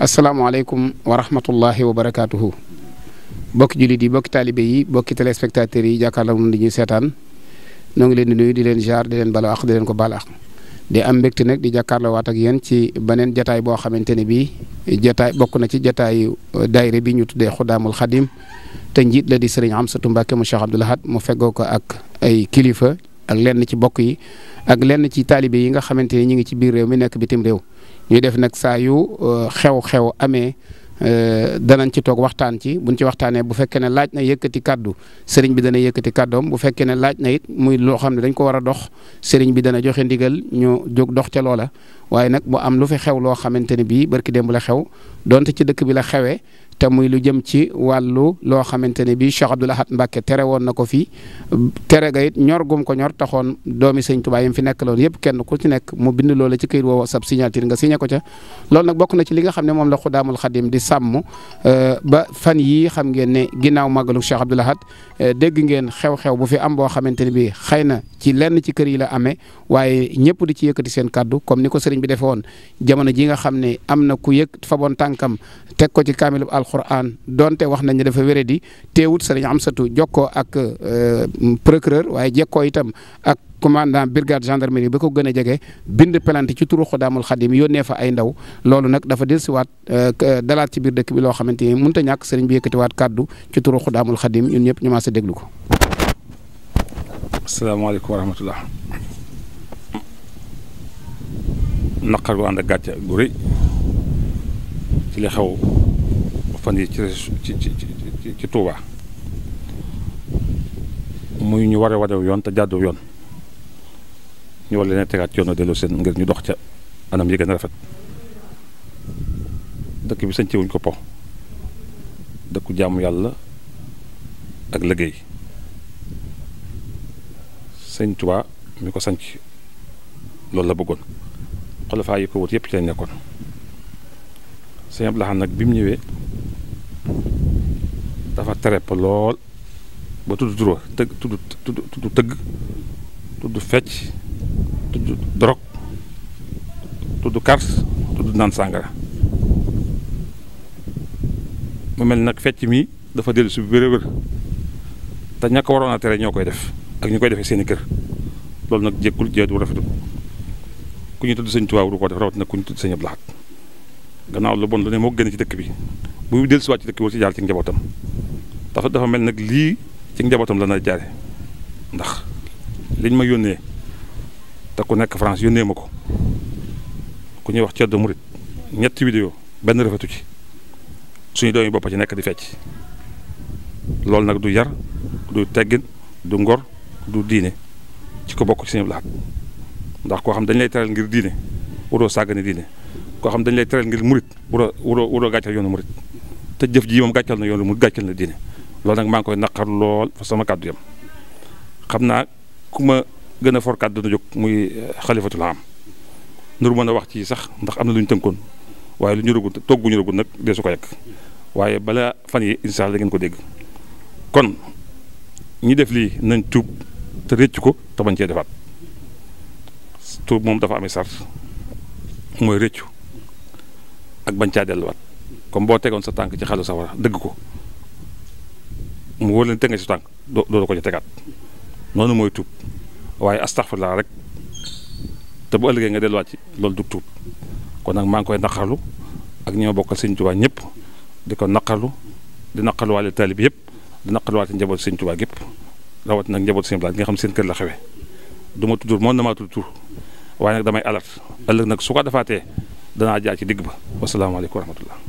asalaamaaleykum wa rahmatullahi wa barakaatuhu bokki jullit yi bokki taalibe yi bokki téléspectateurs yi jàkkaarloo moom di ñuy seetaan ñoo ngi leen di nuyu di leen jaar di leen balaax di leen ko balaax di am mbégte nag di jàkkaarloo waat ak yéen ci beneen jataay boo xamante ne bii jataay bokk na ci jataay euh, daayira bi ñu tuddee Xudaamul Xadim te njiit la di sëriñ Amsatu Mbàkke mu Cheikh Abdoul Ahad mu feggoo ko ak ay kilifa ak lenn ci bokk yi ak lenn ci taalibe yi nga xamante ni ñu ngi ci biir réew mi nekk bitim réew ñuy def nag saa yu euh, xew-xew amee euh, danañ ci toog waxtaan ci buñ ci waxtaanee bu fekkee ne laaj na yëkkati kàddu sëriñ bi dana yëkkati kàddoom bu fekkee ne laaj na it muy loo xam ne dañ ko war a dox sëriñ bi dana joxe ndigal ñu jóg dox ca loola waaye nag bu am lu fi xew loo xamante ne bii barki démb la xew donte ci dëkk bi la xewee te muy lu jëm ci wàllu loo xamante ne bii Cheikh Abdoul Ahad Mbacke tere woon na ko fi tere ga it ñor gum ko ñor taxoon doomi sëñ Tuubaa yim fi nekk yëpp kenn ku ci nekk mu bind loola ci këyit woowu sab signature nga signé ko ca loolu nag bokk na ci li nga xam ne moom la Xudaamul Xadim di sàmm euh, ba fan yii xam ngeen ne ginnaaw màggalu Cheikh Abdoul Ahad euh, dégg ngeen xew-xew bu fi am boo xamante ne bii xëy na ci lenn ci kër yi la amee waaye ñëpp di ci yëkkati seen kàddu comme ni ko seriñ bi defee woon jamono ji nga xam ne am na ku yëg fa boon tànkam teg ko ci kaamilub al alquran donte wax nañ ne dafa wéradi teewut sëriñ Amsatu jokkoo ak euh, procureur waaye jekkoo itam ak commandant brigade gendarmerie ba ko gën a jege bind pelante ci turu Xudaamul Xadim yónnee fa ay ndaw loolu nag dafa dellusiwaat euh, dalaat ci biir dëkk bi loo xamante ni mënut a ñàkk sëriñ bi waat kàddu ci turu Xudaamul Xadim ñun ñëpp ñu maa sa déglu ko. asalaamaaleykum li xew fan yi ci ci ci ci muy ñu war a yoon te jàddu yoon ñu war leen a tegaat yoon a delloo seen ngir ñu dox ca anam yi gën a rafet dëkk bi sañcewuñ ko po dëkku jaamu yàlla ak liggéey sëñ Touba mi ko sanc loolu la bëggoon xolofaa yi ko wut yëpp ci lañ nekkoon sëñ Abdou Lahad nag bi mu ñëwee terepp lool ba tudd tura tëgg tudd tudd tëgg tudd fecc tudd drog tudd kars tudd naan sàngara mu mel nag fecc mi dafa dellu si wér wér te ña ko waroon tere ñoo koy def ak ñu koy defee seeni kër loolu nag jékkul jeetu rafetul ku ñu tudd sëñ Tuubaa du ko def rawat nag ku ñu tudd sëñ Abdu Lahat gannaaw lu bon lu ne moo gën ci dëkk bi bu dellu si waat ci dëkk bi war si jaar ci njabootam dafa dafa mel nag lii ci njabootam la na jaare ndax liñ ma yónnee te ku nekk France yónnee ma ko ku ñuy wax Thierno Mouride ñetti vidéo benn rafetu ci suñu doomi bopp ci nekk di fecc loolu nag du yar du teggin du ngor du diine ci ko bokk ci seen laat ndax koo xam dañ lay teral ngir diine waroo sàggane diine koo xam dañ lay teral ngir murit waroo waroo waroo gàccal yoonu murit te jëf ji moom gàccal na yoonu mu gàccal na diine loolu nag maa ngi koy naqar lool fa sama kàddu yam xam naa ku ma gën a for kàddu dana jóg muy eh, xalifatul am nuru mën a wax ci sax ndax am na lu ñu tënkoon waaye lu ñu rëgul toog ñu rëgul nag dee su ko yekk waaye bala fan yi incha la ngeen ko dégg kon ñi def lii nañ tuub te réccu ko te bañ cee defaat tuub moom dafa amee sart mooy réccu ak bañ caa delluwaat comme boo tegoon sa tànk ci xalu safara dëgg ko mu wóor leen teg nga si doo doo ko ci tegaat noonu mooy tuub waaye astaxfirullah rek te bu ëllëgee nga delluwaat ci loolu dug tuub kon nag maa ngi koy naqarlu ak ñoo bokkal sëñ Tuubaa ñëpp di ko naqarlu di naqarluwaale taalib yëpp di naqarluwaate njaboot sëñ Tuubaa gépp rawat nag njaboot sëñ Blaat nga xam seen kër la xewe du ma tudd moom damaa tudd tur waaye nag damay alerte ëllëg nag su ko defaatee danaa jaar ci digg ba wasalaamaaleykum wa rahmatullah